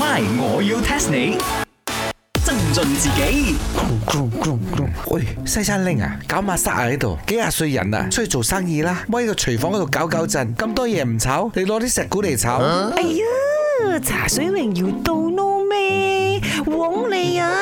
My，我要 test 你，增進自己 喂，西餐拎啊，搞抹殺啊喺度，幾廿歲人啊，出去做生意啦，咪喺個廚房嗰度搞搞震。咁多嘢唔炒，你攞啲石股嚟炒。啊、哎呀，茶水榮耀到 n 咩，枉你啊！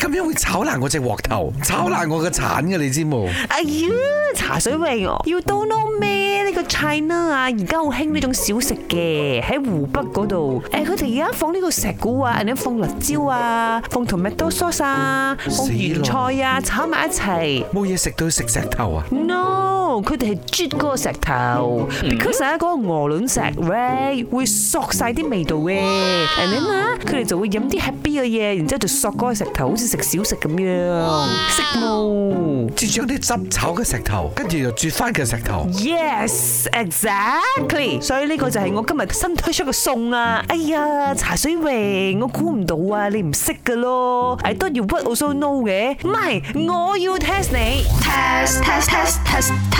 咁樣會炒爛我隻鑊頭，炒爛我個鏟嘅，你知冇？哎呀，茶水味喎！You don't know 咩呢個 China 啊？而家好興呢種小食嘅，喺湖北嗰度。誒，佢哋而家放呢個石鼓啊，人哋放辣椒啊，放同埋 tomato sauce、放芫菜啊，了炒埋一齊。冇嘢食都要食石頭啊！No。佢哋係啜嗰個石頭，because 而家嗰個鵝卵石咧會索晒啲味道嘅，明嘛？佢哋就會飲啲 happy 嘅嘢，然之後就索嗰個石頭，好似食小食咁樣，食物。即係將啲汁炒嘅石頭，跟住又啜翻嘅石頭。Yes, exactly。所以呢個就係我今日新推出嘅餸啊！哎呀，茶水明，我估唔到啊，你唔識㗎咯。I thought you would also know 嘅。唔係，我要 test 你。Test, test, test, test.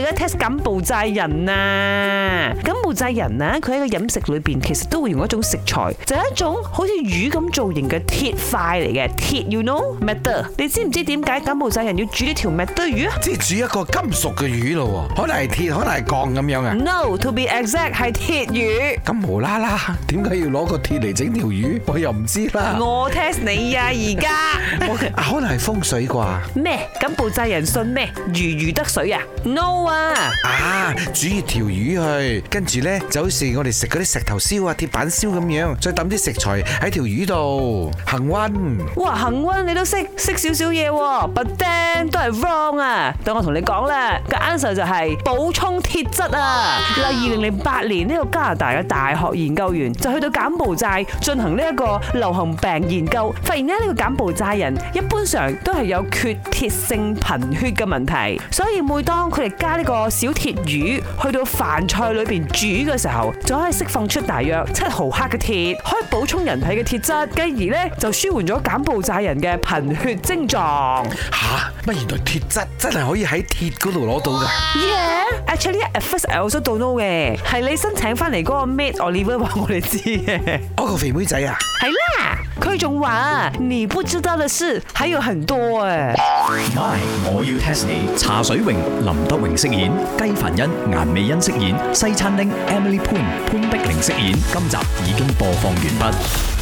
而家 test 柬埔寨人啊！柬埔寨人啊！佢喺個飲食裏邊其實都會用一種食材，就係、是、一種好似魚咁造型嘅鐵塊嚟嘅鐵，you know metal。你知唔知點解柬埔寨人要煮呢條 metal 魚即係煮一個金屬嘅魚咯，可能係鐵，可能係鋼咁樣啊？No，to be exact 係鐵魚。咁無啦啦，點解要攞個鐵嚟整條魚？我又唔知啦。我 test 你啊，而家 可能係風水啩？咩？柬埔寨人信咩？如魚，魚得水啊？No。啊！煮熱條魚去，跟住呢就好似我哋食嗰啲石頭燒啊、鐵板燒咁樣，再抌啲食材喺條魚度，恆溫。哇！恆溫你都識識少少嘢，but then 都係 wrong 啊！等我同你講啦，個 answer 就係補充鐵質啊。嗱，二零零八年呢個加拿大嘅大學研究員就去到柬埔寨進行呢一個流行病研究，發現咧呢個柬埔寨人一般上都係有缺鐵性貧血嘅問題，所以每當佢哋加呢個小鐵魚去到飯菜裏邊煮嘅時候，就可以釋放出大約七毫克嘅鐵，可以補充人體嘅鐵質，繼而咧就舒緩咗柬埔寨人嘅貧血症狀。吓，乜原來鐵質真係可以喺鐵嗰度攞到噶？Yeah，actually at first, I also don't know 嘅，係你申請翻嚟嗰個 Mate Oliver 話我哋知嘅，嗰個肥妹仔啊，係啦，佢仲話，你不知道的事還有很多啊。」My，我要 TEST 你。茶水榮、林德榮飾演，雞凡欣、顏美欣飾演，西餐廳 Emily Poon 潘碧玲飾演。今集已經播放完畢。